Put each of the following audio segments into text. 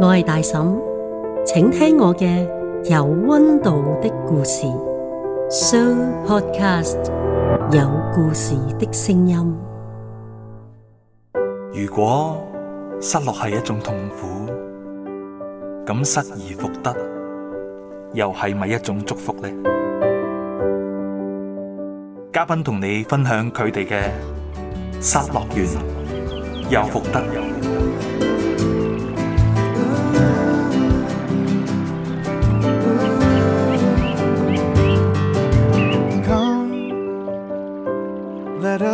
我係大嬸，請聽我嘅有溫度的故事。Show Podcast 有故事的聲音。如果失落係一種痛苦，咁失而復得，又係咪一種祝福呢？嘉賓同你分享佢哋嘅失落完，又復得。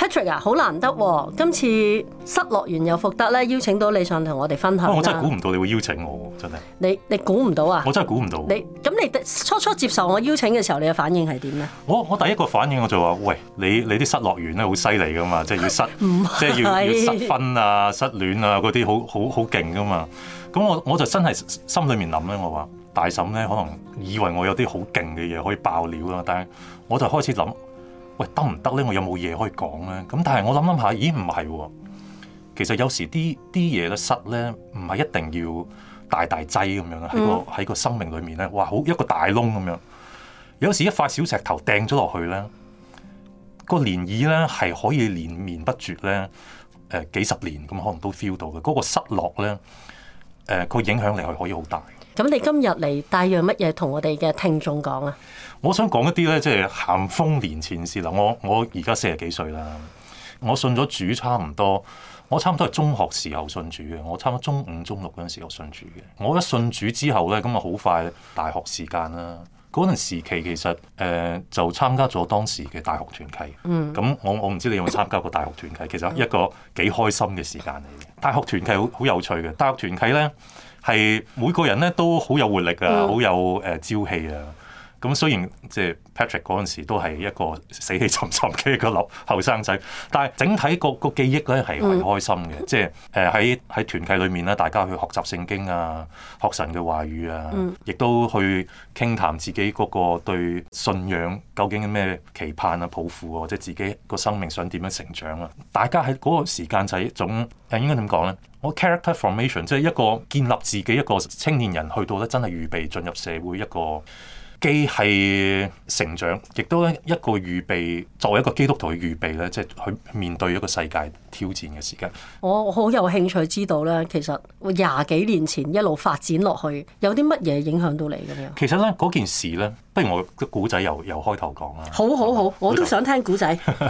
Patrick 啊，好難得喎、啊！今次失樂園又復得咧，邀請到你上同我哋分享、啊。我真係估唔到你會邀請我、啊，真係。你你估唔到啊？我真係估唔到。你咁你初初接受我邀請嘅時候，你嘅反應係點咧？我我第一個反應我就話：喂，你你啲失樂園咧好犀利噶嘛，即係要失， 是即係要要失婚啊、失戀啊嗰啲，好好好勁噶嘛。咁我我就真係心裏面諗咧，我話大嬸咧，可能以為我有啲好勁嘅嘢可以爆料啦，但係我就開始諗。喂，得唔得咧？我有冇嘢可以講咧？咁但係我諗諗下，咦，唔係喎。其實有時啲啲嘢嘅失咧，唔係一定要大大劑咁樣喺個喺、嗯、個生命裏面咧，哇，好一個大窿咁樣。有時一塊小石頭掟咗落去咧，個漣漪咧係可以連綿不絕咧。誒、呃、幾十年咁，可能都 feel 到嘅嗰、個失落咧，誒、呃、佢影響力係可以好大。咁你今日嚟帶約乜嘢同我哋嘅聽眾講啊？我想講一啲咧，即係咸豐年前事啦。我我而家四十幾歲啦，我信咗主差唔多，我差唔多係中學時候信主嘅。我差唔多中五中六嗰陣時候信主嘅。我一信主之後咧，咁啊好快大學時間啦。嗰陣時期其實誒就參加咗當時嘅大學團契。嗯，咁我我唔知你有冇參加過大學團契？嗯、其實一個幾開心嘅時間嚟嘅。大學團契好好有趣嘅。大學團契咧。係每個人咧都好有活力啊，好、嗯、有誒朝氣啊！咁雖然即係 Patrick 嗰陣時都係一個死氣沉沉嘅一個後生仔，但係整體個個記憶咧係開心嘅，即係誒喺喺團契裏面咧，大家去學習聖經啊，學神嘅話語啊，亦都去傾談，談自己嗰個對信仰究竟咩期盼啊、抱負啊，或者自己個生命想點樣成長啊。大家喺嗰個時間就係一種誒，應該點講咧？我 character formation 即係一個建立自己一個青年人去到咧，真係預備進入社會一個。既係成長，亦都一個預備，作為一個基督徒嘅預備咧，即係去面對一個世界挑戰嘅時間。我好有興趣知道咧，其實廿幾年前一路發展落去，有啲乜嘢影響到你咁樣？其實咧，嗰件事咧，不如我個古仔又又開頭講啦。好好好，吧我都想聽古仔。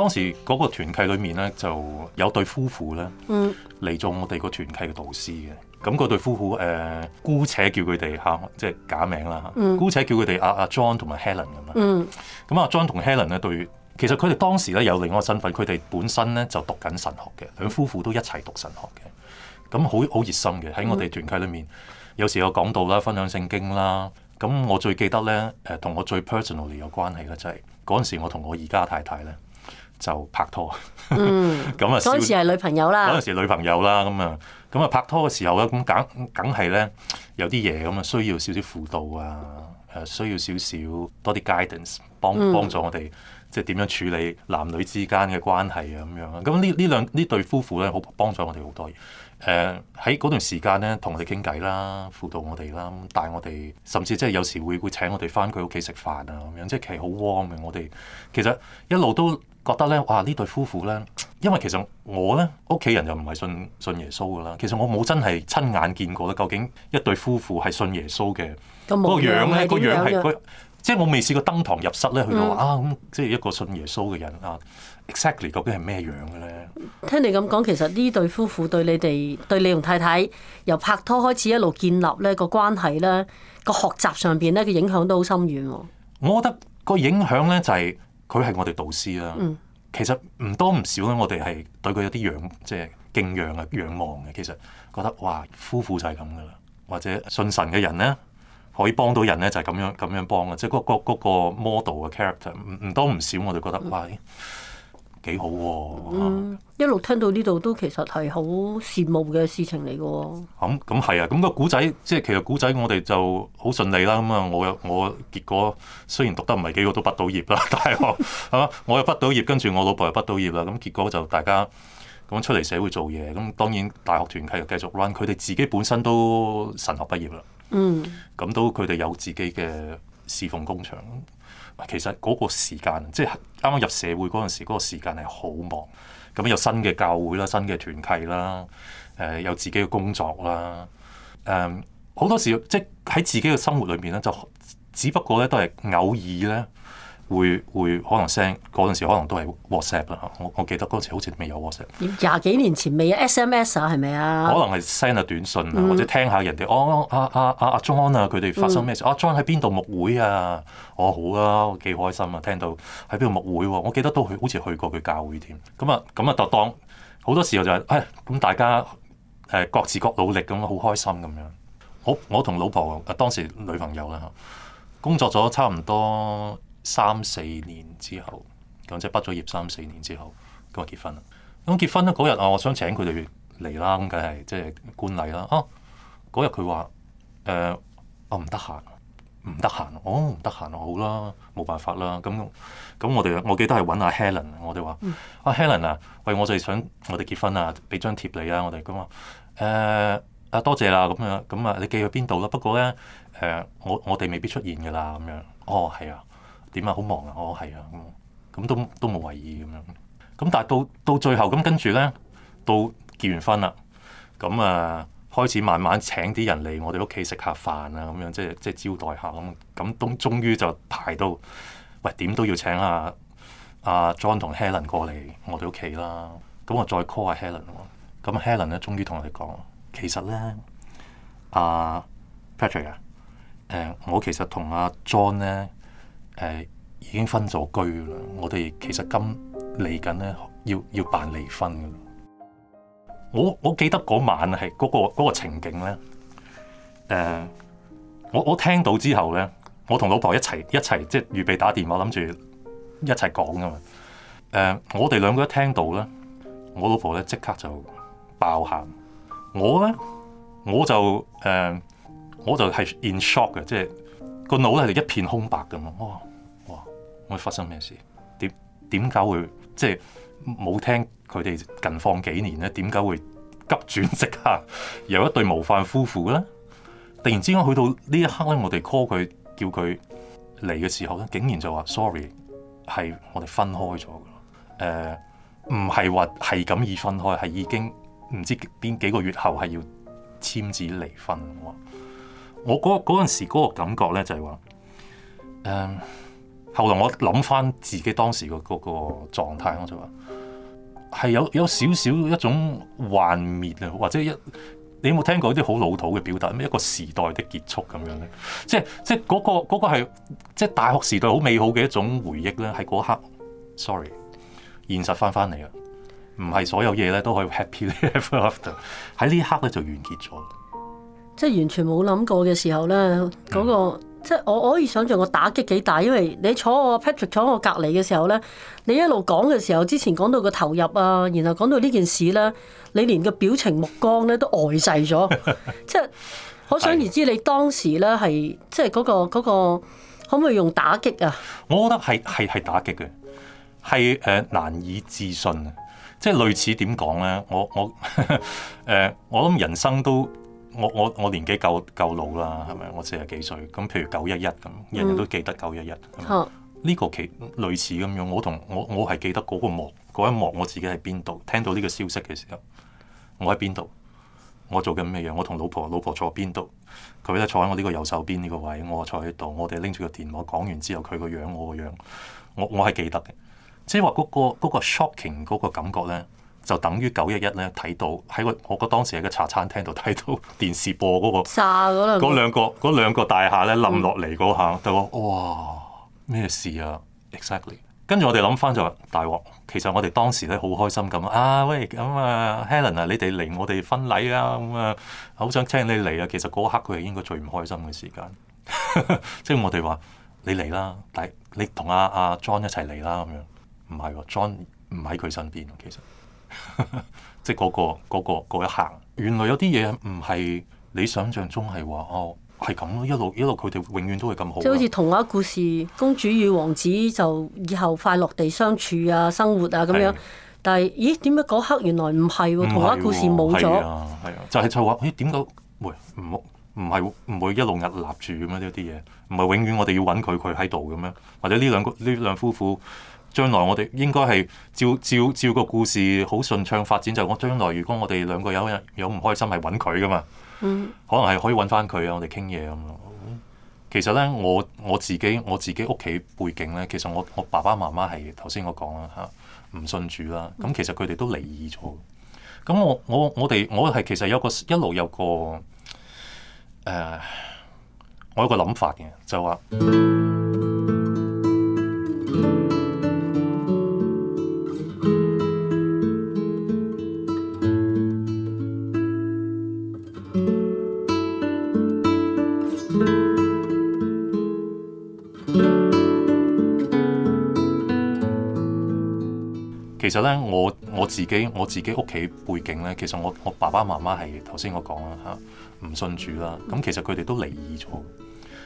當時嗰個團契裏面咧，就有對夫婦咧嚟，嗯、做我哋個團契嘅導師嘅。咁嗰對夫婦誒，呃，姑且叫佢哋嚇，即係假名啦嚇，嗯、姑且叫佢哋阿阿 John 同埋 Helen 咁啊。咁、啊、阿 John 同 Helen 咧，對，其實佢哋當時咧有另外一個身份，佢哋本身咧就讀緊神學嘅。兩夫婦都一齊讀神學嘅，咁好好熱心嘅。喺我哋團契裏面，嗯、有時有講道啦，分享聖經啦。咁我最記得咧，誒同我最 personally 有關係嘅就係嗰陣時我同我而家太太咧。就拍拖、 嗯，咁啊，嗰陣時係女，女朋友啦，嗰陣時女朋友啦，咁啊，咁啊拍拖嘅時候咧，咁梗梗係咧有啲嘢咁啊，需要少少輔導啊，誒需要少少多啲 guidance，幫幫助我哋即係點樣處理男女之間嘅關係啊咁樣啊，咁呢呢兩呢對夫婦咧，好幫助我哋好多嘢。誒喺嗰段時間咧，同我哋傾偈啦，輔導我哋啦，帶我哋，甚至即係有時會會請我哋翻佢屋企食飯啊咁樣，即係其實好 warm 嘅我哋。其實一路都覺得咧，哇！呢對夫婦咧，因為其實我咧屋企人就唔係信信耶穌噶啦。其實我冇真係親眼見過咧，究竟一對夫婦係信耶穌嘅嗰個樣咧，個樣係佢，即係我未試過登堂入室咧，去到、嗯、啊，嗯、即係一個信耶穌嘅人啊。Exactly 究竟係咩樣嘅咧？聽你咁講，其實呢對夫婦對你哋，對你同太太由拍拖開始一路建立係呢個關係咧個學習上邊咧嘅影響都好深遠，哦。我覺得個影響咧就係佢係我哋導師啦。嗯、其實唔多唔少我，我哋係對佢有啲仰，即係敬仰啊仰望嘅。其實覺得哇，夫婦就係咁噶啦。或者信神嘅人咧，可以幫到人咧，就係咁樣咁樣幫嘅。即係嗰嗰個、那個、model 嘅 character，唔唔多唔少，我哋覺得哇。嗯幾好喎、啊嗯啊嗯！嗯，一路聽到呢度都其實係好羨慕嘅事情嚟嘅。咁咁係啊！咁個古仔即係其實古仔，我哋就好順利啦。咁啊，我我結果雖然讀得唔係幾個都畢到業啦，大學 啊，我又畢到業，跟住我老婆又畢到業啦。咁、嗯嗯、結果就大家咁、嗯、出嚟社會做嘢，咁當然大學團契又繼續 run。佢哋自己本身都神學畢業啦，嗯，咁都佢哋有自己嘅侍奉工場。其實嗰個時間，即係啱啱入社會嗰陣時，嗰、那個時間係好忙，咁有新嘅教會啦，新嘅團契啦，誒、呃、有自己嘅工作啦，誒、呃、好多時即係喺自己嘅生活裏面咧，就只不過咧都係偶爾咧。會會可能 send 嗰陣時可能都係 WhatsApp 啦嚇，我我記得嗰陣時好似未有 WhatsApp。廿幾年前未有 SMS 是是 SMS，啊係咪啊？可能係 send 啊短信啊，嗯、或者聽下人哋哦啊啊啊阿 John 啊，佢、啊、哋、啊啊啊、發生咩事，阿 John 喺邊度牧會啊？我、哦、好啊，幾開心啊！聽到喺邊度牧會喎、啊，我記得都去，好似去過佢教會添。咁啊咁啊，就當好多時候就係、是，唉、哎，咁大家誒各自各努力咁，好開心咁樣。好，我我同老婆啊，當時女朋友啦，工作咗差唔多。三四年之後，咁即係畢咗業三四年之後，咁啊結婚啦。咁結婚咧嗰日啊，我想請佢哋嚟啦。咁梗係即係觀禮啦。啊，嗰日佢話誒，我唔得閒，唔得閒。我唔得閒，好啦，冇辦法啦。咁咁，我哋我記得係揾阿 Helen。我哋話阿 Helen 啊，Helen，喂，我就係想我哋結婚啊，俾張帖你啊。我哋咁啊誒，啊、呃、多謝啦。咁樣咁啊，你寄去邊度啦？不過咧誒、呃，我我哋未必出現噶啦。咁樣哦，係啊。嗯嗯嗯點啊，好忙啊，哦，係啊，咁、嗯、咁都都冇為意咁樣。咁、嗯、但係到到最後，咁跟住咧，到結完婚啦，咁、嗯、啊開始慢慢請啲人嚟我哋屋企食下飯啊，咁、嗯、樣即係即係招待下咁。咁、嗯、都、嗯、終於就排到，喂點都要請啊阿 John 同 Helen 過嚟我哋屋企啦。咁、嗯、我再 call 下 Helen 喎、啊。咁 Helen 咧終於同我哋講，其實咧阿、啊、Patrick 啊，誒我其實同阿、啊、John 咧。誒，已經分咗居啦。我哋其實今嚟緊咧要要辦離婚噶。我我記得嗰晚係嗰、嗰個、嗰個情景咧。誒、呃，我我聽到之後咧，我同老婆一齊一齊即係預備打電話諗住一齊講噶嘛。誒、呃，我哋兩個一聽到咧，我老婆咧即刻就爆喊，我咧我就誒、呃、我就係 in shock 嘅，即係個腦係一片空白噶嘛。哦會發生咩事？點點解會即係冇聽佢哋近況幾年咧？點解會急轉直下？有一對模範夫婦咧，突然之間去到呢一刻咧，我哋 call 佢叫佢嚟嘅時候咧，竟然就話 sorry，係我哋分開咗嘅。誒、呃，唔係話係咁易分開，係已經唔知邊幾,幾個月後係要簽字離婚。我嗰嗰陣時嗰個感覺咧就係、是、話，誒、呃。後來我諗翻自己當時個嗰個狀態，我就話係有有少少一種幻滅啊，或者一你有冇聽過啲好老土嘅表達咩一個時代的結束咁樣咧？即係即係、嗰、嗰個嗰個係、嗰個、即係大學時代好美好嘅一種回憶咧，喺嗰刻 sorry 現實翻翻嚟啊，唔係所有嘢咧都可以 happy ever after，喺呢一刻咧就完結咗，即係完全冇諗過嘅時候咧嗰、嗰個嗯即係我可以想象我打擊幾大，因為你坐我 Patrick 坐我隔籬嘅時候呢，你一路講嘅時候，之前講到個投入啊，然後講到呢件事呢，你連個表情目光呢都呆滯咗，即係可想而知你當時呢係即係嗰個嗰個可唔可以用打擊啊？我覺得係係打擊嘅，係誒難以置信啊！即係類似點講呢？我我 我諗人生都。我我我年紀夠夠老啦，係咪？我四十幾歲，咁譬如九一一咁，人人都記得九一一。呢個其實類似咁樣，我同我我係記得嗰個幕，嗰一幕，我自己喺邊度？聽到呢個消息嘅時候，我喺邊度？我做緊咩嘢？我同老婆老婆坐邊度？佢咧坐喺我呢個右手邊呢個位，我坐喺度。我哋拎住個電話講完之後，佢個樣我個樣，我我係記得嘅。即係話嗰個 shocking 嗰個感覺呢。就等於九一一咧，睇到喺個我覺得當時喺個茶餐廳度睇到電視播嗰、嗰個炸嗰兩,兩,兩個大廈咧冧落嚟嗰下，嗯、就話哇咩事啊？Exactly 跟住我哋諗翻就話大鑊。其實我哋當時咧好開心咁，啊喂咁啊 Helen 啊你哋嚟我哋婚禮啊咁啊好想請你嚟啊！其實嗰刻佢係應該最唔開心嘅時間，即 係我哋話你嚟啦，但你同阿阿 John 一齊嚟啦咁樣，唔係喎，John 唔喺佢身邊，其實。即係嗰個嗰、嗰個嗰、嗰個嗰個、一行，原來有啲嘢唔係你想象中係話哦係咁咯，一路一路佢哋永遠都係咁好。即係好似童話故事，公主與王子就以後快樂地相處啊，生活啊咁樣。的但係，咦？點解嗰刻原來唔係喎？童話、哦、故事冇咗。係啊，就係、係、就話咦？點解唔唔唔係唔會一路屹立住嘅咩？呢啲嘢唔係永遠我哋要揾佢，佢喺度嘅咩？或者呢兩個呢兩夫婦？將來我哋應該係照照照個故事好順暢發展，就我、是、將來如果我哋兩個有有唔開心，係揾佢㗎嘛，嗯、可能係可以揾翻佢啊，我哋傾嘢咁咯。其實咧，我我自己我自己屋企背景咧，其實我我爸爸媽媽係頭先我講啦嚇，唔信主啦，咁其實佢哋都離異咗。咁我我我哋我係其實有一個一路有一個誒、呃，我有個諗法嘅就話。自己我自己屋企背景咧，其實我我爸爸媽媽係頭先我講啦嚇，唔、啊、信主啦。咁、啊、其實佢哋都離異咗。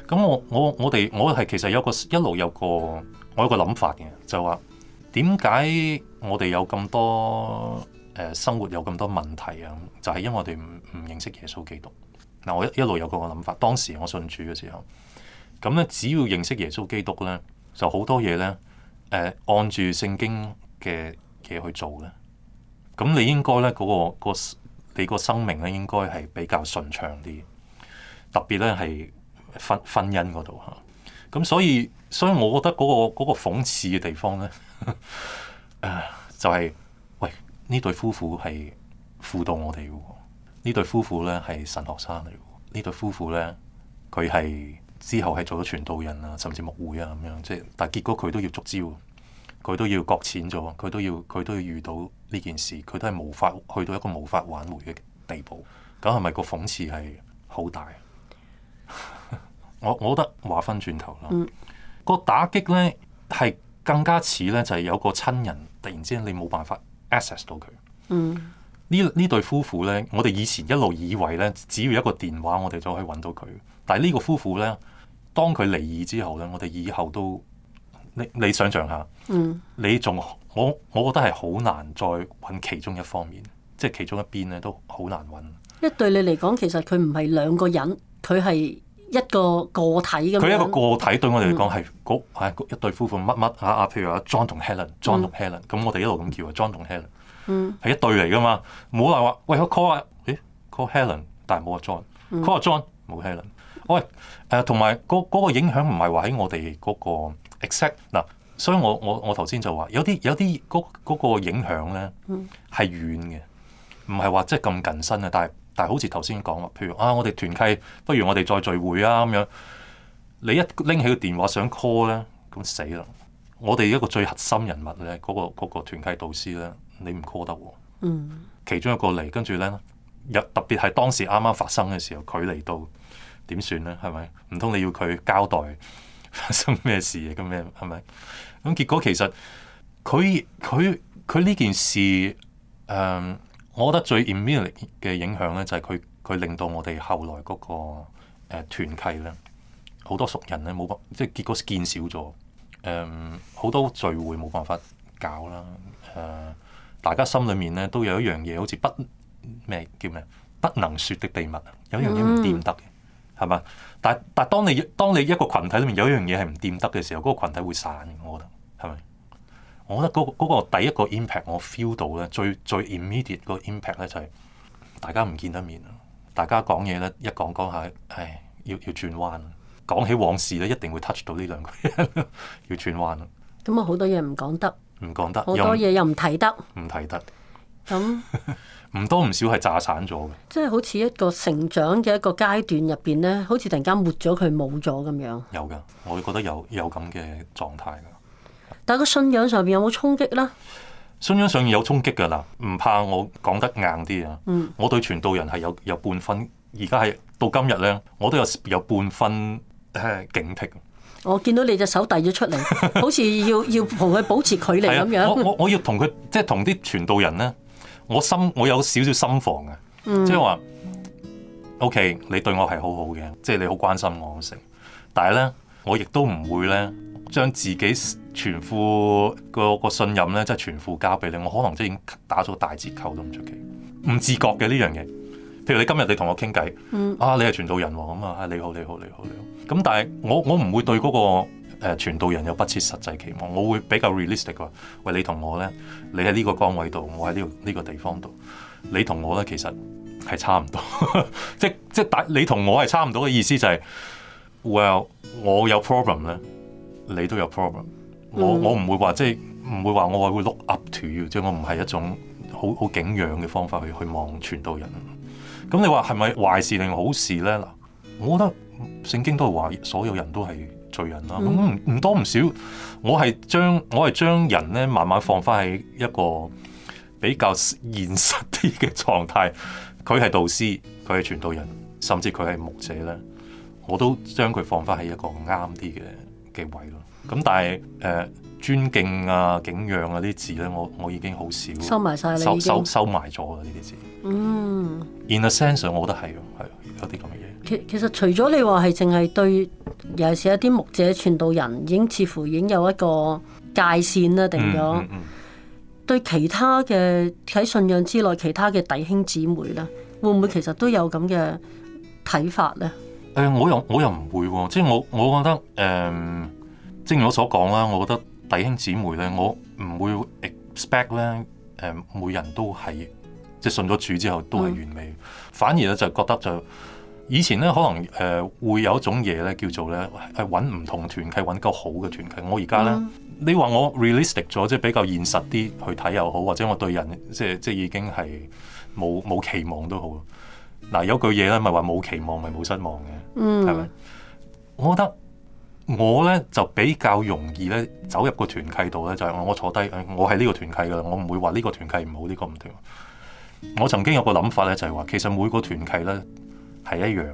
咁、啊、我我我哋我係其實有個一路有個我有個諗法嘅，就話點解我哋有咁多誒、呃、生活有咁多問題啊？就係、是、因為我哋唔唔認識耶穌基督。嗱、啊，我一一路有個諗法，當時我信主嘅時候，咁、啊、咧只要認識耶穌基督咧，就好多嘢咧誒、按住聖經嘅嘢去做咧。咁你應該咧嗰個、那個、那個、你個生命咧應該係比較順暢啲，特別咧係婚婚姻嗰度吓，咁所以所以我覺得嗰、那個嗰、那個諷刺嘅地方咧，誒 就係、是、喂呢對夫婦係輔導我哋嘅，呢對夫婦咧係神學生嚟，呢對夫婦咧佢係之後係做咗傳道人啊，甚至牧會啊咁樣，即、就、係、是、但係結果佢都要捉招。佢都要擱淺咗，佢都要佢都要遇到呢件事，佢都係無法去到一個無法挽回嘅地步。咁係咪個諷刺係好大？ 我我覺得話翻轉頭啦，嗯、個打擊呢係更加似呢，就係、是、有個親人突然之間你冇辦法 access 到佢。嗯，呢呢對夫婦呢，我哋以前一路以為呢，只要一個電話我哋就可以揾到佢。但係呢個夫婦呢，當佢離異之後呢，我哋以後都。你你想像下，嗯，你仲我我覺得係好難再揾其中一方面，即係其中一邊咧都好難揾。一對你嚟講，其實佢唔係兩個人，佢係一個個體，咁佢一個個體對我哋嚟講係個一對夫婦乜乜嚇，譬如話 John 同 Helen，John 同 Helen，咁我哋一路咁叫，叫啊、哎、叫啊 John 同 Helen，嗯，係一對嚟㗎嘛，冇嚟話喂 call 哎 call Helen，但係冇 John，call John 冇 Helen，喂、哎、誒同埋嗰嗰個影響唔係話喺我哋嗰、嗰個。except 嗱，所以我我我頭先就話有啲有啲嗰、嗰個、影響咧係遠嘅，唔係話即係咁近身嘅。但係但係好似頭先講話，譬如啊，我哋團契不如我哋再聚會啊咁樣。你一拎起個電話想 call 咧，咁死啦！我哋一個最核心人物咧，嗰、嗰個嗰、嗰個、團契導師咧，你唔 call 得喎。嗯，其中一個嚟跟住咧，又特別係當時啱啱發生嘅時候，佢嚟到點算咧？係咪唔通你要佢交代？發生咩事咁，咩係咪？咁結果其實佢佢佢呢件事，誒、呃，我覺得最嚴重嘅影響咧，就係佢佢令到我哋後來嗰、那個誒團、呃、契咧，好多熟人咧冇辦法，即係結果見少咗。誒、呃，好多聚會冇辦法搞啦。誒、呃，大家心裏面咧都有一樣嘢，好似不咩叫咩，不能說的秘密。有一樣嘢唔掂得嘅。嗯。係嘛？但係但係，當你當你一個群體裡面有一樣嘢係唔掂得嘅時候，嗰個群體會散嘅。我覺得係咪？我覺得嗰個嗰個第一個 impact 我 feel 到咧，最最 immediate 個 impact 咧就係大家唔見得面啦，大家講嘢咧一講講下，唉，要要轉彎。講起往事咧，一定會 touch 到呢兩個人， 要轉彎啦。咁啊，好多嘢唔講得，唔講得，好多嘢用又唔睇得，唔睇得。咁。唔多唔少係炸散咗嘅，即係好似一個成長嘅一個階段入邊咧，好似突然間抹咗佢冇咗咁樣。有噶，我覺得有有咁嘅狀態噶。但係個信仰上面有冇衝擊咧？信仰上面有衝擊㗎啦，唔怕我講得硬啲啊。嗯，我對傳道人係有有半分，而家係到今日咧，我都有有半分警惕。我見到你隻手遞咗出嚟， 好似要要同佢保持距離咁樣。 我我，我要同佢即係同啲傳道人咧。 我心我有少少心防嘅，即係話，OK，你對我係好好嘅，即係你好關心我，我成，但係咧，我亦都唔會咧，將自己全副個信任咧，即係全副交俾你，我可能即係已經打咗個大折扣都唔出奇，唔自覺嘅呢樣嘢，譬如你今日你同我傾偈，嗯、啊你係傳道人喎，咁啊你好你好你好你好，咁但係我我唔會對嗰個。誒傳道人有不切實際期望，我會比較 realistic 喎。喂，你同我咧，你喺呢個崗位度，我喺呢個呢個地方度，你同我咧其實係差唔多。 即即大你同我係差唔多嘅意思就係，well 我有 problem 咧，你都有 problem。我、嗯、我唔會話即唔會話我會 look up to you，即我唔係一種好好景仰嘅方法去去望傳道人。咁你話係咪壞事定好事咧？嗱，我覺得聖經都係話所有人都係罪人啦，咁唔、嗯、多唔少，我係將我係將人咧慢慢放翻喺一個比較現實啲嘅狀態。佢係導師，佢係傳道人，甚至佢係牧者咧，我都將佢放翻喺一個啱啲嘅嘅位咯。咁但係誒、呃，尊敬啊、景仰啊啲字咧，我我已經好少收，收埋晒啦，收收收埋咗啦呢啲字。嗯，in a sense，我覺得係嘅，係有啲咁嘅嘢。其其實除咗你話係淨係對。尤其係一啲牧者傳道人已經似乎已經有一個界線啦，定咗、嗯嗯嗯、對其他嘅喺信仰之內其他嘅弟兄姊妹咧，會唔會其實都有咁嘅睇法咧？誒、嗯，我又我又唔會喎、啊，即係我我覺得誒，正、嗯、如我所講啦，我覺得弟兄姊妹咧，我唔會 expect 咧誒、嗯，每人都係即係信咗主之後都係完美，嗯、反而咧就覺得就。以前咧，可能誒、呃、會有一種嘢咧，叫做咧係揾唔同團契，揾個好嘅團契。我而家咧，嗯、你話我 realistic 咗，即係比較現實啲去睇又好，或者我對人即係即係已經係冇冇期望都好。嗱、啊，有句嘢咧，咪話冇期望咪冇失望嘅，係咪、嗯？我覺得我咧就比較容易咧走入個團契度咧，就係、是、我坐低，我喺呢個團契㗎喇，我唔會話呢個團契唔好，呢、這個唔掂。我曾經有個諗法咧，就係、是、話其實每個團契咧。係一樣，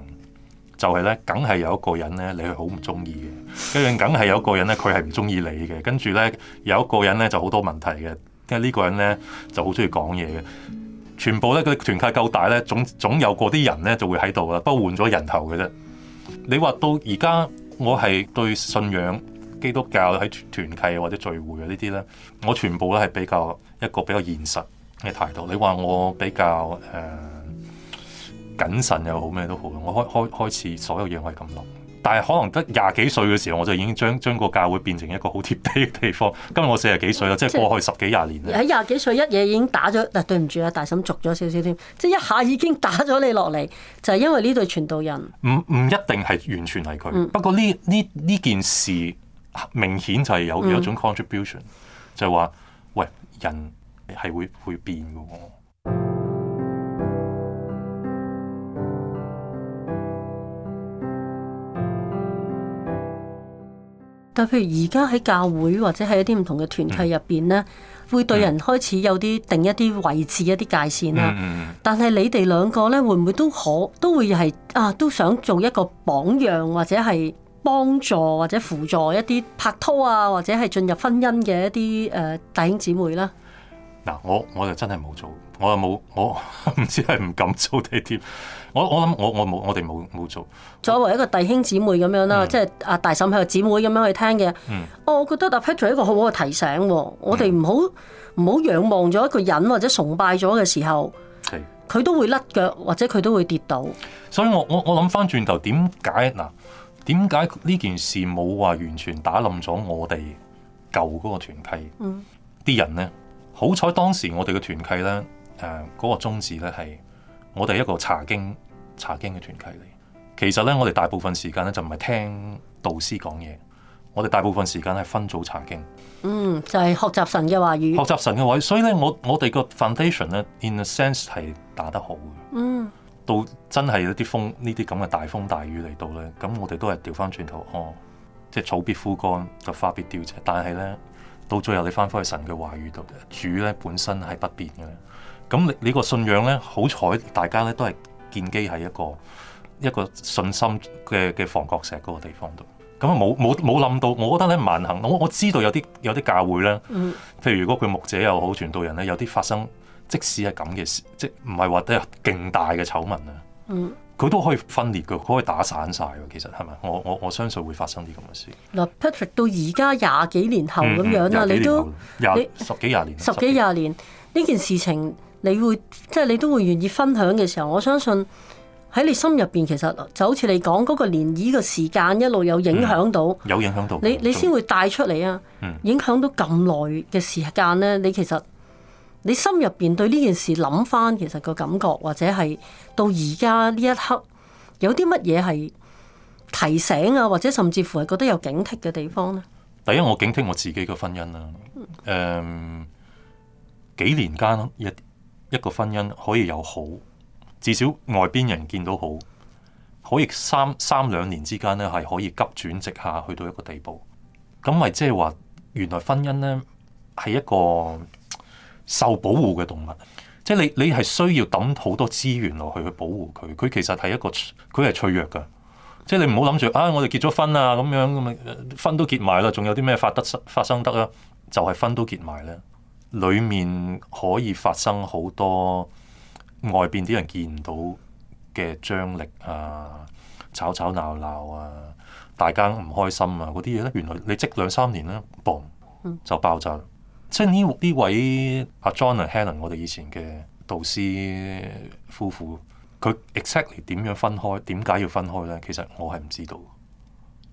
就係咧，梗係有一個人咧，你係好唔中意嘅；跟住梗係有一個人咧，佢係唔中意你嘅。跟住咧，有一個人咧就好多問題嘅，因為呢個人咧就好中意講嘢嘅。全部咧佢團契夠大咧，總總有個啲人咧就會喺度啦。不過換咗人頭嘅啫。你話到而家，我係對信仰基督教喺團,團契或者聚會啊呢啲咧，我全部咧係比較一個比較現實嘅態度。你話我比較誒？呃謹慎又好咩都好，我開開開始所有嘢我係咁諗，但係可能得廿幾歲嘅時候我就已經將將個教會變成一個好貼地嘅地方。今日我四十幾歲啦，就是、即係過去十幾廿年咧。喺廿幾歲一嘢已經打咗嗱、啊，對唔住啊，大嬸續咗少少添，即係一下已經打咗你落嚟，就係、是、因為呢度傳道人唔唔一定係完全係佢，嗯、不過呢呢呢件事明顯就係有有一種 contribution、嗯、就係話喂人係會會變㗎喎。譬如而家喺教會或者喺一啲唔同嘅團契入邊咧，嗯、會對人開始有啲定一啲位置、嗯、一啲界線啦、啊。嗯、但係你哋兩個咧，會唔會都可都會係啊？都想做一個榜樣或者係幫助或者輔助一啲拍拖啊或者係進入婚姻嘅一啲誒弟兄姊妹咧？嗱，我我就真係冇做。我又冇，我唔知係唔敢做地鐵。我我諗，我我冇，我哋冇冇做。作為一個弟兄姊妹咁樣啦，嗯、即係阿大嬸喺度，姊妹咁樣去聽嘅。嗯。我覺得、嗯、阿 Patrick 一個好好嘅提醒喎，我哋唔好唔好仰望咗一個人或者崇拜咗嘅時候，係。佢都會甩腳，或者佢都會跌倒。所以我我我諗翻轉頭，點解嗱？點解呢件事冇話完全打冧咗我哋舊嗰個團契？啲人咧，嗯、好彩當時我哋嘅團契咧。誒嗰、uh, 個宗旨咧係我哋一個查經查經嘅團契嚟。其實咧，我哋大部分時間咧就唔係聽導師講嘢，我哋大部分時間係分組查經。嗯，就係、是、學習神嘅話語。學習神嘅話語，所以咧，我我哋個 foundation 咧，in a sense 係打得好嘅。嗯。到真係有啲風呢啲咁嘅大風大雨嚟到咧，咁我哋都係調翻轉頭，哦，即係草必枯乾，就花必凋謝。但係咧，到最後你翻返去神嘅話語度，主咧本身係不變嘅。咁你你個信仰咧，好彩大家咧都係建基喺一個一個信心嘅嘅房角石嗰個地方度。咁啊冇冇冇諗到，我覺得咧萬幸。我我知道有啲有啲教會咧，譬如如果佢牧者又好，傳道人咧有啲發生，即使係咁嘅事，即唔係話啲勁大嘅醜聞啊，佢都可以分裂嘅，可以打散晒。其實係咪？我我我相信會發生啲咁嘅事嗱。Patrick 到而家廿幾年後咁樣啦，啊，嗯、幾年幾你都你十幾廿年，十幾廿年呢件事情。你會即係你都會願意分享嘅時候，我相信喺你心入邊，其實就好似你講嗰、那個漣漪嘅時間一路有影響到、嗯，有影響到你，你先會帶出嚟啊，嗯、影響到咁耐嘅時間咧，你其實你心入邊對呢件事諗翻，其實個感覺或者係到而家呢一刻有啲乜嘢係提醒啊，或者甚至乎係覺得有警惕嘅地方呢？第一，我警惕我自己嘅婚姻啦，誒、嗯，幾年間一。一個婚姻可以有好，至少外邊人見到好，可以三三兩年之間咧係可以急轉直下去到一個地步，咁咪即係話原來婚姻呢係一個受保護嘅動物，即係你你係需要揼好多資源落去去保護佢，佢其實係一個佢係脆弱噶，即係你唔好諗住啊，我哋結咗婚啊咁樣咁咪婚都結埋啦，仲有啲咩發得發生得啊？就係、是、婚都結埋咧。裏面可以發生好多外邊啲人見唔到嘅張力啊、吵吵鬧鬧啊、大家唔開心啊嗰啲嘢咧，原來你積兩三年咧，嘣就爆炸。嗯、即係呢呢位阿 John 同 Helen 我哋以前嘅導師夫婦，佢 exactly 點樣分開？點解要分開咧？其實我係唔知道，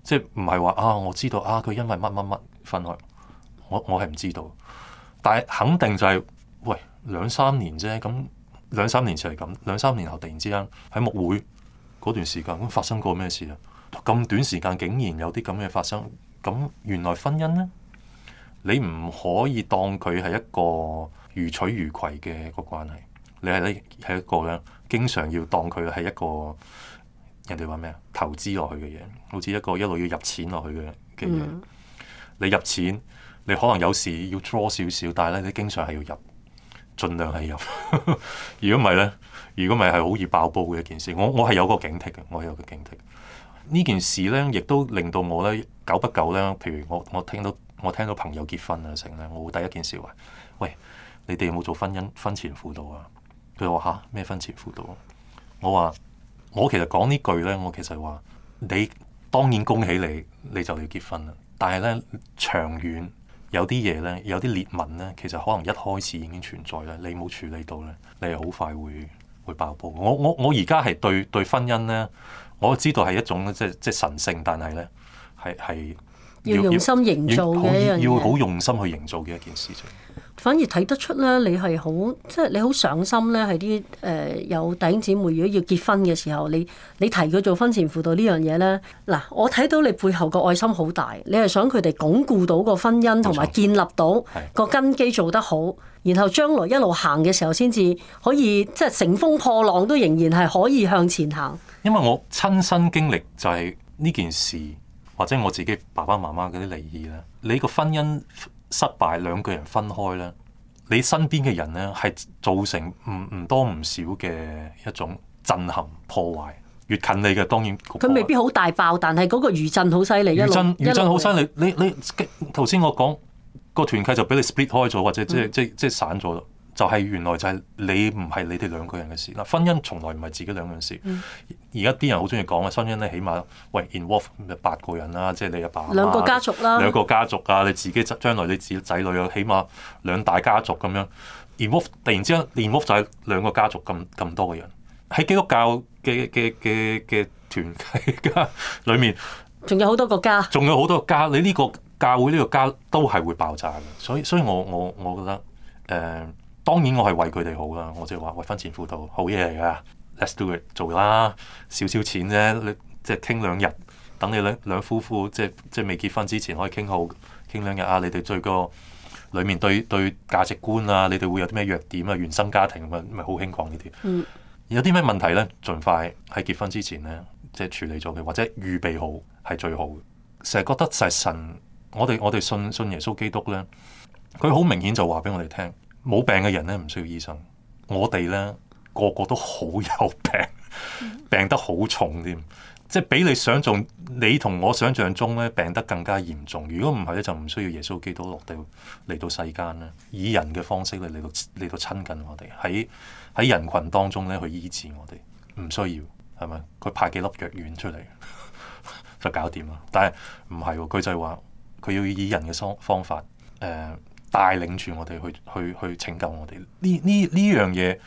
即係唔係話啊我知道啊佢因為乜乜乜分開，我我係唔知道。但肯定就係、是，喂，兩三年啫，咁兩三年前係咁，兩三年後突然之間喺木會嗰段時間，咁發生過咩事啊？咁短時間竟然有啲咁嘅發生，咁原來婚姻呢，你唔可以當佢係一個如取如攜嘅一個關係，你係咧係一個咧，經常要當佢係一個人哋話咩啊？投資落去嘅嘢，好似一個一路要入錢落去嘅嘅嘢，嗯、你入錢。你可能有時要抓少少，但係咧，你經常係要入，盡量係入。如果唔係咧，如果唔係係好易爆煲嘅一件事。我我係有個警惕嘅，我有個警惕。呢件事咧，亦都令到我咧久不久咧，譬如我我聽到我聽到朋友結婚啊成咧，我會第一件事話，喂，你哋有冇做婚姻婚前輔導啊？佢話吓，咩婚前輔導？我話我其實講呢句咧，我其實話你當然恭喜你，你就要結婚啦。但係咧，長遠。有啲嘢咧，有啲裂紋咧，其實可能一開始已經存在啦。你冇處理到咧，你係好快會會爆煲。我我我而家係對對婚姻咧，我知道係一種即係即係神聖，但係咧係係要用心營造呢樣嘢，要好用心去營造嘅一件事情。反而睇得出咧，就是、你係好即係你好上心咧，係啲誒有弟兄姊妹如果要結婚嘅時候，你你提佢做婚前輔導呢樣嘢咧。嗱，我睇到你背後個愛心好大，你係想佢哋鞏固到個婚姻，同埋錯建立到個根基做得好，的然後將來一路行嘅時候，先至可以即係、就是、乘風破浪，都仍然係可以向前行。因為我親身經歷就係呢件事，或者我自己爸爸媽媽嗰啲離異啦，你個婚姻。失敗兩個人分開咧，你身邊嘅人咧係造成唔唔多唔少嘅一種震撼破壞，越近你嘅當然。佢未必好大爆，但係嗰個餘震好犀利。餘震餘震好犀利，你你頭先我講個團契就俾你 split 開咗，或者即係即係即係散咗咯。就係原來就係你唔係你哋兩個人嘅事啦。婚姻從來唔係自己兩個人事。而家啲人好鍾意講嘅婚姻咧起碼喂 involve 八個人啦，即係你阿爸兩個家族啦，兩個家族啊，你自己將來你自己仔女啊，起碼兩大家族咁樣。involve 突然之間 involve 就係兩個家族咁咁多個人喺基督教嘅嘅嘅嘅團契家 裡面，仲有好多個家，仲有好多個家。你呢個教會呢個家都係會爆炸嘅，所以所以，所以我我我覺得誒。嗯當然我係為佢哋好啦，我即係話為婚前輔導好嘢嚟噶。Let's do it 做啦，少少錢啫，你即係傾兩日，等你兩兩夫婦即係即係未結婚之前可以傾好傾兩日啊。你哋喺個裡面對對價值觀啊，你哋會有啲咩弱點啊？原生家庭咁啊，咪好輕講呢啲。有啲咩問題咧？盡快喺結婚之前咧，即係處理咗佢，或者預備好係最好。成日覺得就係神，我哋我哋信信耶穌基督咧，佢好明顯就話俾我哋聽。冇病嘅人咧，唔需要醫生。我哋咧個個都好有病，病得好重添，即係比你想像，你同我想象中咧病得更加嚴重。如果唔係咧，就唔需要耶穌基督落地嚟到世間啦，以人嘅方式嚟嚟到嚟到親近我哋，喺喺人群當中咧去醫治我哋。唔需要，係咪？佢派幾粒藥丸出嚟 就搞掂啦。但係唔係，佢就係話佢要以人嘅方方法，誒、呃。帶領住我哋去去去拯救我哋呢？呢呢樣嘢，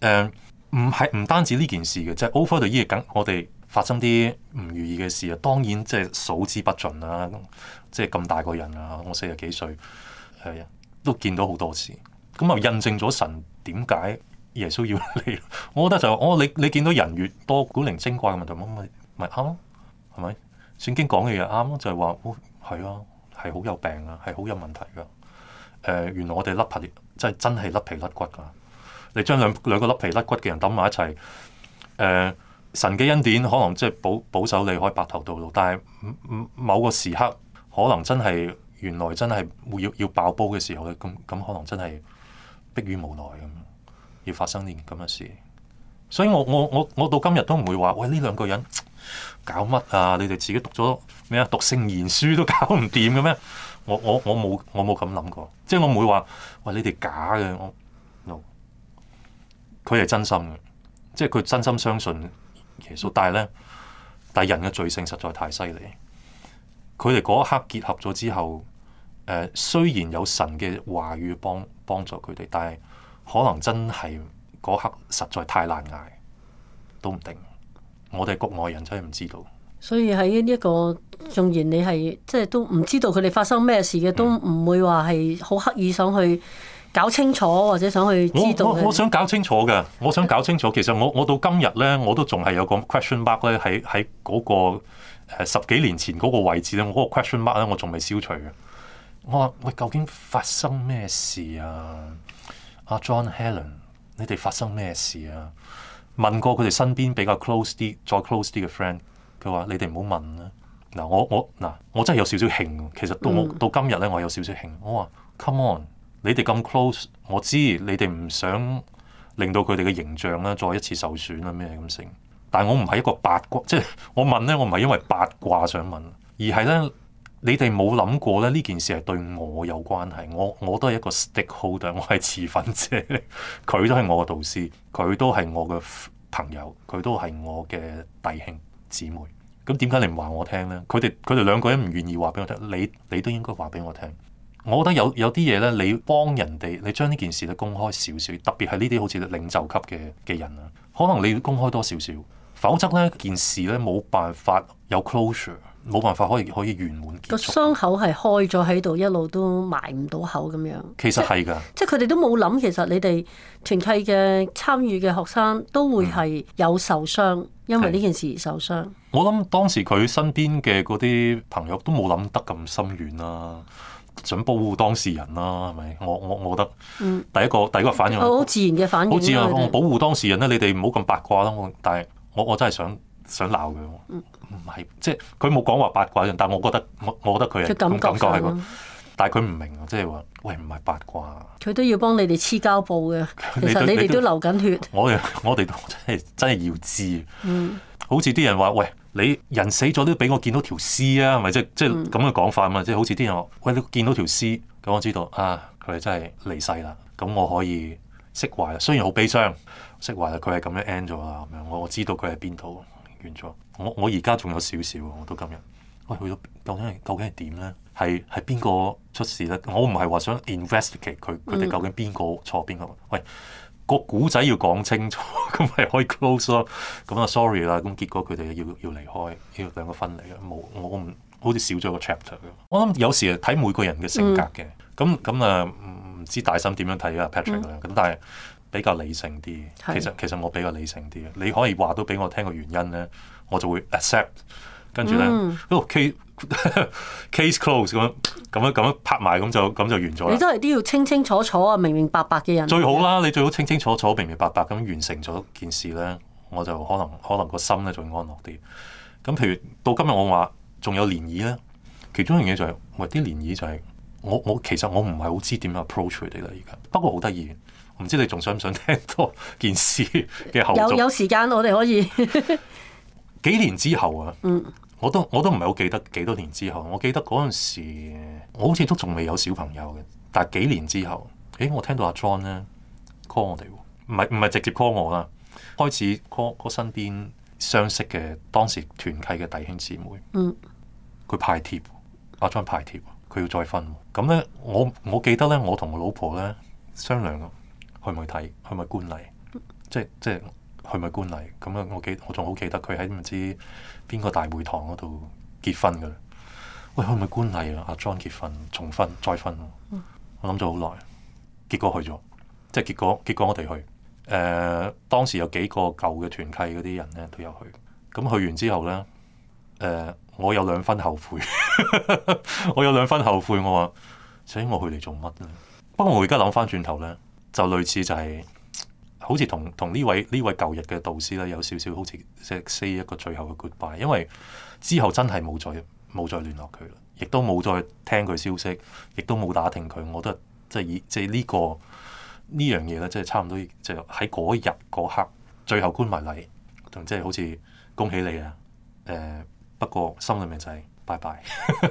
誒、唔係，唔單止呢件事嘅，即、就、係、是、over 對呢嘢，梗我哋發生啲唔如意嘅事啊。當然即係數之不盡啦，啊。即係咁大個人啊，我四十幾歲係啊，呃，都見到好多次咁啊，印證咗神點解耶穌要嚟。 我覺得就是、我你你見到人越多古靈精怪嘅問題，咪咪啱咯，係咪啊？聖經講嘅嘢啱咯，就係、是、話，係、哦、啊，係好有病啊，係好有問題噶。誒、呃、原來我哋甩皮，即係真係甩皮甩骨㗎。你將兩兩個甩皮甩骨嘅人揼埋一齊，誒、呃、神嘅恩典可能即係保保守你開白頭到老，但係某個時刻可能真係原來真係會要要爆煲嘅時候咧，咁咁可能真係迫於無奈咁，要發生呢咁嘅事。所以我我我我到今日都唔會話，喂呢兩個人搞乜啊？你哋自己讀咗咩啊？讀聖賢書都搞唔掂嘅咩？我我我冇我冇咁諗過，即係我唔會話喂，你哋假嘅，no，佢係真心嘅，即係佢真心相信耶穌，但係咧，但係人嘅罪性實在太犀利，佢哋嗰一刻結合咗之後，誒、呃、雖然有神嘅話語幫幫助佢哋，但係可能真係嗰刻實在太難捱，都唔定，我哋局外人真係唔知道。所以喺呢一個，縱然你係即係都唔知道佢哋發生咩事嘅，都唔會話係好刻意想去搞清楚或者想去知道。我我我想搞清楚嘅，我想搞清楚。其實我我到今日咧，我都仲係有個 question mark 咧喺喺嗰個誒十幾年前嗰個位置咧，那個，我嗰個 question mark 咧，我仲未消除嘅。我話喂，究竟發生咩事啊？阿 John Helen，你哋發生咩事啊？問過佢哋身邊比較 close 啲、再 close 啲嘅 friend。佢話：你哋唔好問啦。嗱，我我嗱，我真係有少少嬲，其實到冇、嗯、到今日咧，我有少少嬲。我話：Come on，你哋咁 close，我知你哋唔想令到佢哋嘅形象咧再一次受損啦咩咁成？但係我唔係一個八卦，即係我問咧，我唔係因為八卦想問，而係咧你哋冇諗過咧呢件事係對我有關係。我我都係一個 stakeholder，我係持份者。佢 都係我嘅導師，佢都係我嘅朋友，佢都係我嘅弟兄。姊妹，咁點解你唔話我聽呢？佢哋佢哋兩個人唔願意話俾我聽，你你都應該話俾我聽。我覺得有有啲嘢呢，你幫人哋，你將呢件事咧公開少少，特別係呢啲好似領袖級嘅嘅人啊，可能你要公開多少少，否則呢件事呢，冇辦法有 closure，冇辦法可以可以圓滿結。個傷口係開咗喺度，一路都埋唔到口咁樣。其實係㗎，即係佢哋都冇諗，其實你哋團契嘅參與嘅學生都會係有受傷。嗯因為呢件事而受傷，我諗當時佢身邊嘅嗰啲朋友都冇諗得咁深遠啦，想保護當事人啦、啊，係咪？我我我覺得，第一個、嗯、第一個反應，好自然嘅反應、啊，好似我保護當事人啦，你哋唔好咁八卦啦。我但係我我真係想想鬧佢，唔係、嗯、即係佢冇講話八卦，但係我覺得我我覺得佢係咁感覺係。但係佢唔明即係話，喂，唔係八卦。佢都要幫你哋黐膠布嘅， 其實你哋都，都，都流緊血。我哋我哋真係真係要知。嗯，好似啲人話，喂，你人死咗都俾我見到條屍啊，係咪即係即係咁嘅講法嘛？即係、嗯、好似啲人話，喂，你見到條屍咁，我知道啊，佢真係離世啦。咁我可以釋懷，雖然好悲傷，釋懷啦。佢係咁樣 end 咗啦，咁樣我我知道佢係邊度完咗。我我而家仲有少少，我到今日。喂，去到究竟係究竟係點咧？係係邊個出事咧？我唔係話想 investigate 佢佢哋究竟邊個錯邊個。喂，個古仔要講清楚，咁 咪可以 close 咯。咁啊，sorry 啦。咁結果佢哋要要離開，要兩個分離啊。冇我唔好似少咗個 chapter 嘅。我諗有時睇每個人嘅性格嘅，咁咁啊唔唔知大心點樣睇啊 Patrick 咁咁、嗯、但係比較理性啲。其實是其實我比較理性啲嘅。你可以話到俾我聽個原因咧，我就會 accept。跟住咧，哦 case、嗯 okay, case close 咁咁樣咁樣咁樣拍埋，咁就咁就完咗，你都係都要清清楚楚啊，明明白白嘅人最好啦。你最好清清楚楚、明明白白咁完成咗件事咧，我就可能可能個心咧就會安樂啲。咁譬如到今日我話仲有漣漪咧，其中一樣嘢就係、是、喂啲漣漪就係、是、我我其實我唔係好知點 approach 佢哋啦，而家不過好得意，唔知你仲想唔想聽多件事嘅後續？有有時間我哋可以。 幾年之後啊，我都我都唔係好記得幾多年之後。我記得嗰陣時，我好似都仲未有小朋友嘅。但係幾年之後，誒我聽到阿 John 咧 call 我哋，唔係唔係直接 call 我啦，開始 call 個身邊相識嘅當時團契嘅弟兄姊妹。嗯，佢派帖，阿 John 派帖，佢要再婚。咁咧，我我記得咧，我同我老婆咧商量去唔去睇，去唔去，去，去觀禮，即係即係。去咪觀禮咁啊！我記我仲好記得佢喺唔知邊個大會堂嗰度結婚噶啦。喂，去咪觀禮啊！阿 John 結婚重婚再婚，我諗咗好耐，結果去咗，即係結果，結果我哋去。誒、呃，當時有幾個舊嘅團契嗰啲人咧都有去。咁去完之後咧，誒、呃，我有兩分後悔， 我有兩分後悔。我話，所以我去嚟做乜咧？不過我而家諗返轉頭咧，就類似就係、是。好似同同呢位呢位舊日嘅導師咧，有少少好似即係 say 一個最後嘅 goodbye，因為之後真係冇再冇再聯絡佢啦，亦都冇再聽佢消息，亦都冇打聽佢，我都即係以即係呢個呢樣嘢咧，即係、差唔多即係就喺嗰日嗰刻最後觀埋禮，同即係好似恭喜你啊！誒、呃，不過心裡面就係拜拜，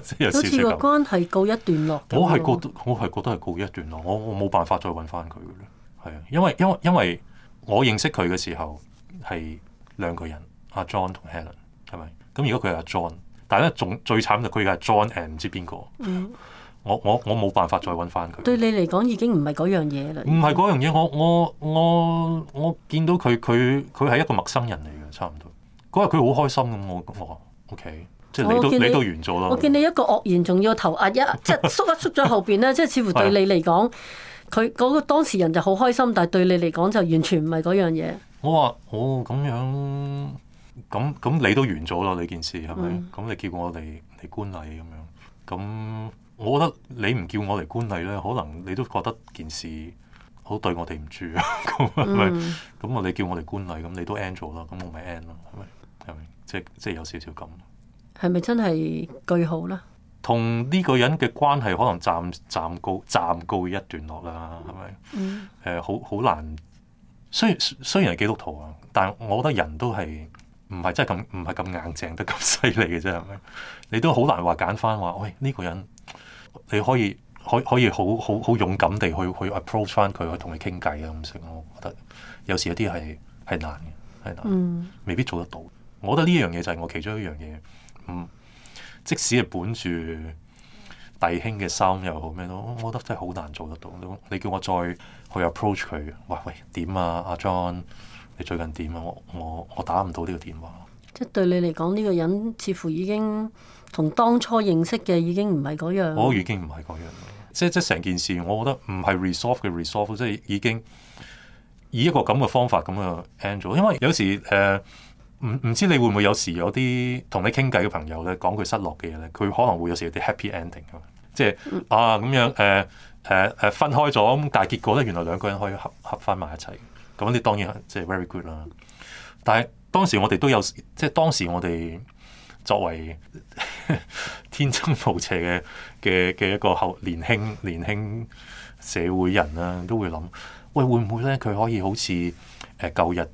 即係有少少。關係告一段落。我係覺得我係覺得係告一段落，我我冇辦法再揾翻佢。係啊，因為因為因為我認識佢嘅時候係兩個人，阿 John 同 Helen 係咪？咁如果佢係阿 John，但係咧仲最慘就佢而家係 John 誒唔知邊個、嗯，我我我冇辦法再搵返佢。對你嚟講已經唔係嗰樣嘢啦。唔係嗰樣嘢，我我我我見到佢佢佢係一個陌生人嚟嘅，差唔多嗰日佢好開心咁，我我 OK，即係你都嚟到完咗啦。我見你一個愕然，仲要頭壓一 即係縮一縮咗後邊咧，即係似乎對你嚟講。 佢嗰個當事人就好開心，但係對你嚟講就完全唔係嗰樣嘢。我話我咁樣，咁咁你都完咗啦，呢件事係咪？咁、嗯、你叫我嚟嚟觀禮咁樣，咁我覺得你唔叫我嚟觀禮咧，可能你都覺得件事好對我哋唔住啊。咁咪咁我哋叫我嚟觀禮，咁你都 end 咗啦，咁我咪 end 咯，係咪？係咪？即即係有少少咁。係咪真係句號啦？同呢個人嘅關係可能暫暫高暫告一段落啦，係咪？誒、嗯，好好、呃、難。雖雖然係基督徒啊，但係我覺得人都係唔係真係咁唔係咁硬淨得咁犀利嘅啫，係咪？你都好難話揀翻話喂呢個人，你可以可可以好好好勇敢地去去 approach 翻佢去同佢傾偈啊！咁樣，我覺得有時有啲係係難嘅，係難，未必做得到。嗯、我覺得呢一樣嘢就係我其中一樣嘢，嗯。即使係本住弟兄嘅心又好咩都，我覺得真係好難做得到。你叫我再去 approach 佢，喂喂點啊，阿 John，你最近點啊？我我我打唔到呢個電話。即係對你嚟講，呢個人似乎已經同當初認識嘅已經唔係嗰樣。我已經唔係嗰樣。即即成件事，我覺得唔係 resolve 嘅 resolve，即係已經以一個咁嘅方法咁樣 end 咗。因為有時誒。呃唔唔知你會唔會有時有啲同你傾偈嘅朋友咧，講佢失落嘅嘢咧，佢可能會有時有啲 happy ending 咁，即係啊咁樣誒誒誒分開咗，咁但係結果咧原來兩個人可以合合翻埋一齊，咁你當然即係 very good 啦。但係當時我哋都有，即係當時我哋作為 天真無邪嘅嘅嘅一個後年輕年輕社會人啦、啊，都會諗喂，會唔會咧佢可以好似誒舊日。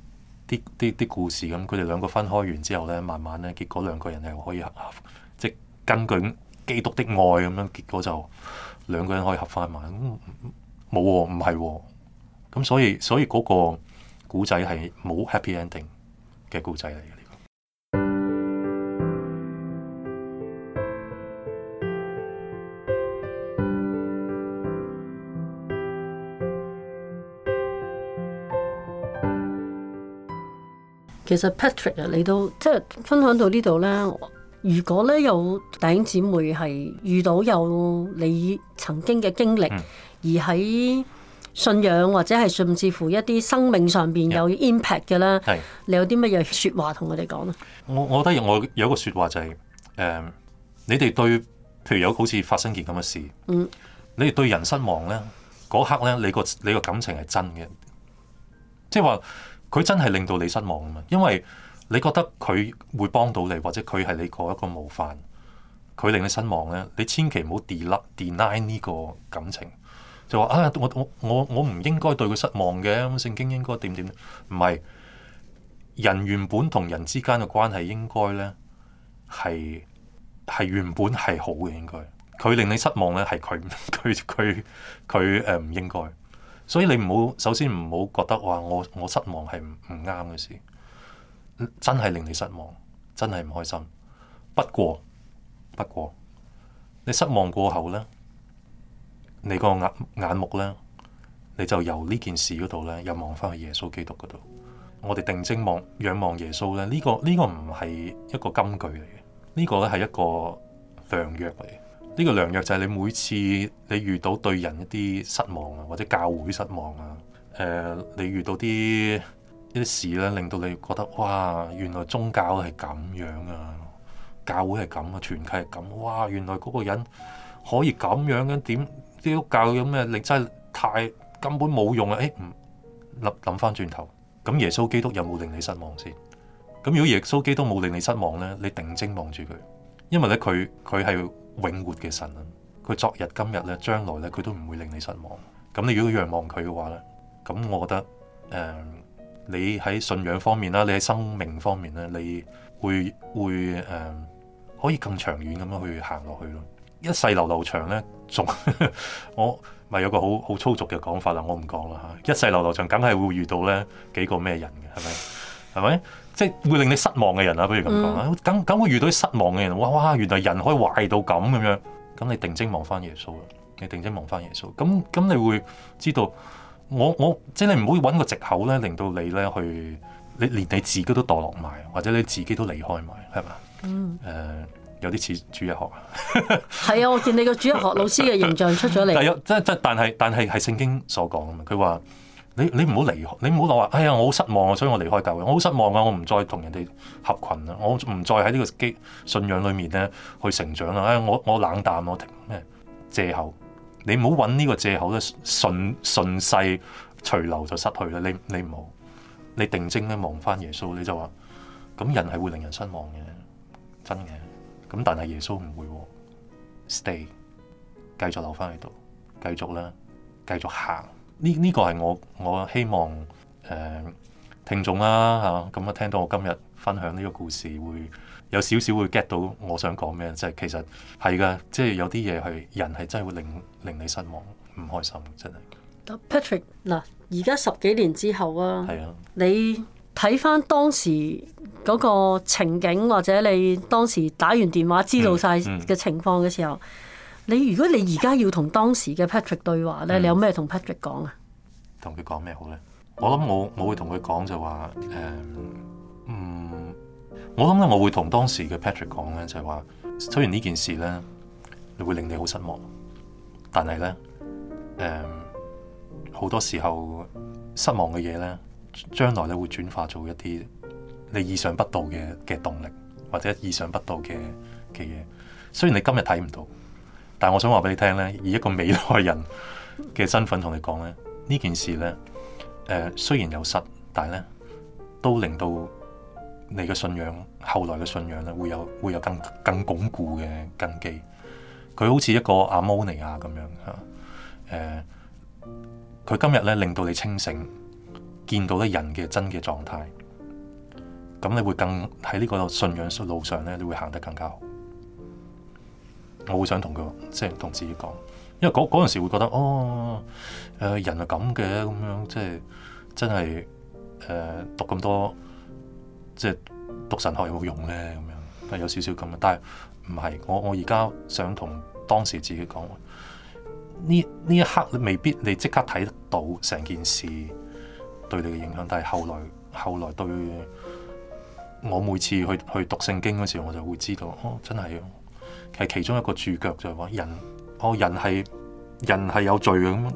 啲啲啲故事咁，佢哋兩個分開完之後咧，慢慢咧，結果兩個人係可以合，合，即係根據基督的愛咁樣結果就兩個人可以合翻埋。咁、嗯、冇，唔係、哦，咁、哦、所以所以個古仔係冇 happy ending 嘅古仔嚟嘅。其實 Patrick 啊，你都即係分享到呢度咧。如果咧，有弟兄姊妹係遇到有你曾經嘅經歷，嗯、而喺信仰或者係甚至乎一啲生命上面有 impact 嘅咧，嗯、你有啲乜嘢說話同佢哋講咧？我我覺得有我有一個說話就係，是，誒、呃，你哋對譬如有好似發生件咁嘅事，嗯，你哋對人失望咧，嗰刻咧，你個你個，你個感情係真嘅，即係話。佢真係令到你失望啊嘛，因為你覺得佢會幫到你，或者佢係你嗰一個模範，佢令你失望咧，你千祈唔好 delete deny 呢個感情，就話啊我我我我唔應該對佢失望嘅，咁聖經應該點點？唔係人原本同人之間嘅關係應該咧係係原本係好嘅，應該佢令你失望咧係佢佢佢佢誒唔應該。所以你唔好，首先唔好覺得話我我失望係唔啱嘅事，真係令你失望，真係唔開心。不過不過，你失望過後咧，你個眼眼目咧，你就由呢件事嗰度咧，又望翻去耶穌基督嗰度。我哋定睛望仰望耶穌咧，呢個呢個唔係一個金句嚟嘅，呢個咧係一個良藥嚟。呢個良藥就係你每次你遇到對人一啲失望啊，或者教會失望啊，誒、呃，你遇到啲一啲事咧，令到你覺得哇，原來宗教係咁樣啊，教會係咁啊，傳契係咁哇，原來嗰個人可以咁樣嘅、啊、點？基督教有咩力真係太根本冇用啊！誒、哎，唔諗諗翻轉頭，咁耶穌基督有冇令你失望先？咁如果耶穌基督冇令你失望咧，你定睛望住佢，因為咧佢佢係永活嘅神啊，佢昨日今日咧，將來咧，佢都唔會令你失望。咁你如果仰望佢嘅話咧，咁我覺得，誒、呃，你喺信仰方面啦，你喺生命方面咧，你會會誒、呃，可以更長遠咁樣去行落去咯。一世流流長咧，仲 我咪有個好好粗俗嘅講法啦，我唔講啦吓。一世流流長，梗係會遇到咧幾個咩人嘅，係咪？係咪？即係會令你失望嘅人啊，不如咁講啦，咁咁會遇到失望嘅人哇，哇！原來人可以壞到咁咁樣，咁你定睛望翻耶穌啊，你定睛望翻耶穌，咁咁你會知道，我我即係你唔好搵個藉口咧，令到你咧去，你連你自己都墮落埋，或者你自己都離開埋，係嘛？嗯。Uh, 有啲似主日學啊。係 啊，我見你個主日學老師嘅形象出咗嚟。 但係，即即但係，但係係聖經所講啊嘛，佢話。你你唔好離，你唔好落話，哎呀，我好失望啊，所以我離開教會，我好失望啊，我唔再同人哋合群啊！我唔再喺呢個基信仰裡面咧去成長啦，哎，我我冷淡我停咩借口，你唔好搵呢個借口咧，順順勢隨流就失去啦，你你唔好，你定睛咧望翻耶穌，你就話，咁人係會令人失望嘅，真嘅，咁但係耶穌唔會，啊，stay，繼續留翻喺度，繼續啦，繼續行。呢呢個係我我希望誒聽眾啦嚇，咁啊聽到我今日分享呢個故事，會有少少會 get 到我想講咩，即係其實係嘅，即係有啲嘢係人係真係會令令你失望、唔開心，真係。Patrick 嗱，而家十幾年之後啊，係啊，你睇翻當時嗰個情景，或者你當時打完電話知道晒嘅情況嘅時候。嗯嗯你如果你而家要同當時嘅 Patrick 對話咧，你有咩同 Patrick 講啊？同佢講咩好咧？我諗我我會同佢講就話誒嗯，我諗咧，我會同當時嘅 Patrick 講咧，就係話雖然呢件事咧，你會令你好失望，但係咧誒好多時候失望嘅嘢咧，將來咧會轉化做一啲你意想不到嘅嘅動力，或者意想不到嘅嘅嘢。雖然你今日睇唔到。但我想話俾你聽咧，以一個未來人嘅身份同你講咧，呢件事咧，誒、呃、雖然有失，但係咧都令到你嘅信仰，後來嘅信仰咧，會有會有更更鞏固嘅根基。佢好似一個阿摩尼亞咁樣嚇，誒、啊、佢、呃、今日咧令到你清醒，見到咧人嘅真嘅狀態，咁你會更喺呢個信仰路上咧，你會行得更加好。我好想同佢，即係同自己講，因為嗰嗰陣時會覺得哦，誒、呃、人係咁嘅咁樣，即係真係誒、呃、讀咁多，即係讀神學有冇用咧？咁樣，係有少少咁嘅。但係唔係，我我而家想同當時自己講，呢呢一刻你未必你即刻睇得到成件事對你嘅影響，但係後來後來對我每次去去讀聖經嗰時，我就會知道哦，真係。係其中一個注腳就係話人，我、哦、人係人係有罪嘅咁，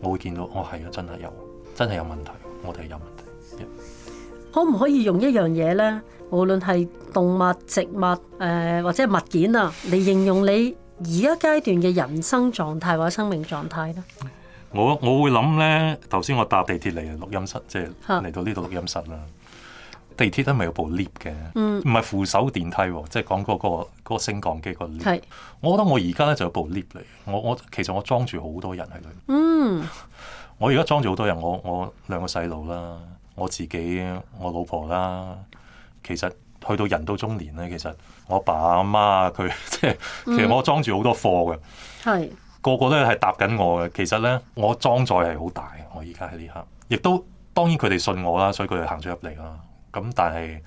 我會見到，我係啊真係有，真係有問題，我哋係有問題。Yeah、可唔可以用一樣嘢呢？無論係動物、植物，誒、呃、或者物件啊，嚟形容你而家階段嘅人生狀態或者生命狀態咧？我我會諗呢，頭先我搭地鐵嚟錄音室，即係嚟到呢度錄音室啦、啊。地鐵咧咪有部 lift 嘅，唔係扶手電梯，即係講嗰、嗰個嗰個嗰個升降機、嗰個 lift。是我覺得我而家咧就有部 lift 嚟，我我其實我裝住好多人喺裏面。嗯、我而家裝住好多人，我我兩個細路啦，我自己我老婆啦。其實去到人到中年咧，其實我爸阿媽佢即係其實我裝住好多貨嘅，嗯、個個都係搭緊我嘅。其實咧我裝載係好大，我而家喺呢刻亦都當然佢哋信我啦，所以佢哋行咗入嚟啦。咁、嗯、但係，誒、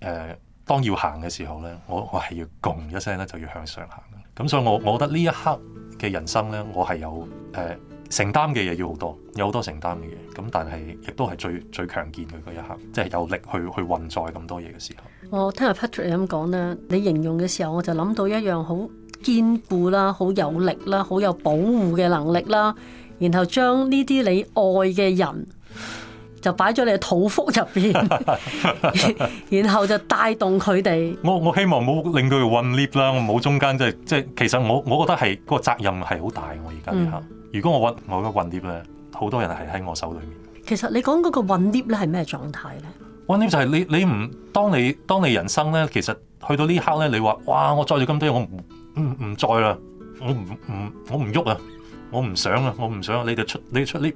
呃，當要行嘅時候咧，我我係要轟一聲咧，就要向上行。咁、嗯、所以我我覺得呢一刻嘅人生咧，我係有誒、呃、承擔嘅嘢，要好多，有好多承擔嘅嘢。咁、嗯、但係亦都係最最強健嘅嗰一刻，即、就、係、是、有力去去運載咁多嘢嘅時候。我聽阿 Patrick 咁講咧，你形容嘅時候，我就諗到一樣好堅固啦，好有力啦，好有保護嘅能力啦，然後將呢啲你愛嘅人。就擺咗你嘅肚腹入邊， 然後就帶動佢哋。我我希望冇令佢混 lead 啦，我冇中間、就是、即係即係。其實我我覺得係嗰、嗰個責任係好大。我而家呢刻，嗯、如果我混我嘅混 lead 咧，好多人係喺我手裏面。其實你講嗰個混 lead 咧係咩狀態咧？混 lead 就係你你唔當你當你人生咧，其實去到呢刻咧，你話哇！我載住咁多嘢，我唔唔唔載啦，我唔唔我唔喐啊，我唔想啊，我唔想啊，你就出你哋出 lead。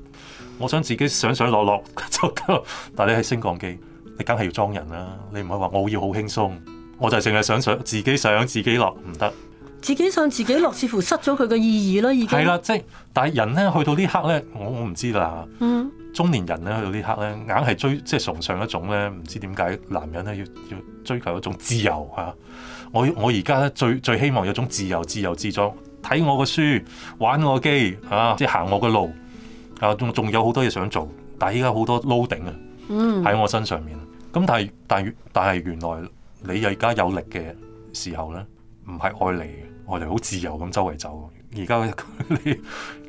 我想自己上上落落就夠，但係你喺升降機，你梗係要裝人啦、啊。你唔可以話我要好輕鬆，我就淨係想上自己上自己落唔得。自己上自己落，似乎失咗佢嘅意義啦。已經係啦，即係，但係人咧去到呢刻咧，我我唔知啦。嗯，中年人咧去到呢刻咧，硬係追即係崇尚一種咧，唔知點解男人咧要要追求一種自由吓、啊。我我而家咧最最希望有種自由，自由自在，睇我嘅書，玩我機啊，即係行我嘅路。仲仲有好多嘢想做，但依家好多 loading 啊，喺我身上面。咁但係但係但係，原來你而家有力嘅時候咧，唔係愛嚟，愛嚟好自由咁周圍走。而家你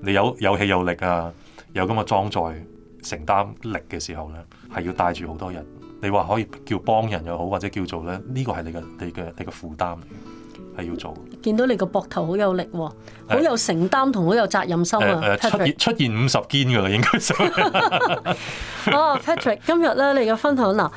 你有有氣有力啊，有咁嘅裝載，承擔力嘅時候咧，係要帶住好多人。你話可以叫幫人又好，或者叫做咧呢個係你嘅你嘅你嘅負擔嚟。係要做，見到你個膊頭好有力喎，好有承擔同好有責任心啊！出現五十肩㗎喇，應該係啊 Patrick，今日咧你嘅分享嗱，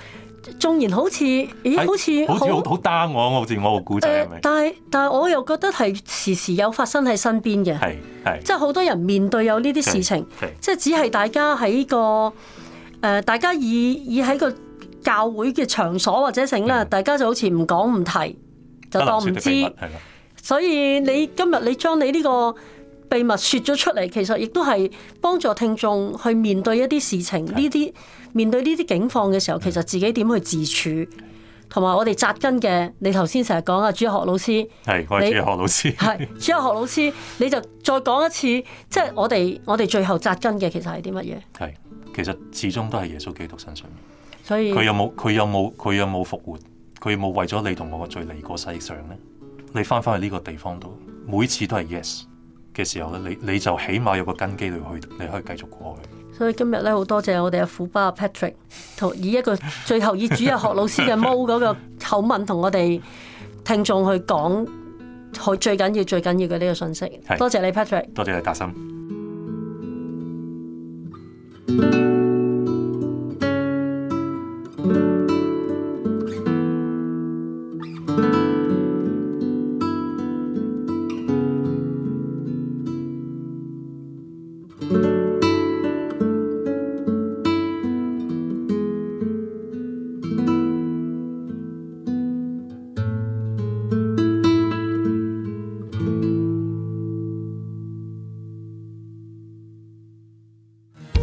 縱然好似咦，好似好似好 down 我，好似我個故仔係咪？但係但係我又覺得係時時有發生喺身邊嘅，係係，即係好多人面對有呢啲事情，即係只係大家喺個誒，大家以以喺個教會嘅場所或者剩啦，大家就好似唔講唔提。就當唔知，所以你今日你將你呢個秘密說咗出嚟，其實亦都係幫助聽眾去面對一啲事情，呢啲面對呢啲境況嘅時候，其實自己點去自處，同埋我哋扎根嘅。你頭先成日講啊，主日學老師係，我係主日學老師，係主日學老師，你就再講一次，即係我哋我哋最後扎根嘅，其實係啲乜嘢？係，其實始終都係耶穌基督身上。所以佢有冇佢有冇佢有冇復活？佢冇為咗你同我再嚟過世上咧，你翻返去呢個地方度，每次都係 yes 嘅時候咧，你你就起碼有個根基去去，你可以繼續過去。所以今日咧好多謝我哋阿虎巴 Patrick 同以一個最後以主日 學老師嘅毛嗰個口吻同我哋聽眾去講最緊要最緊要嘅呢個信息。是多謝你 Patrick，多謝你達森。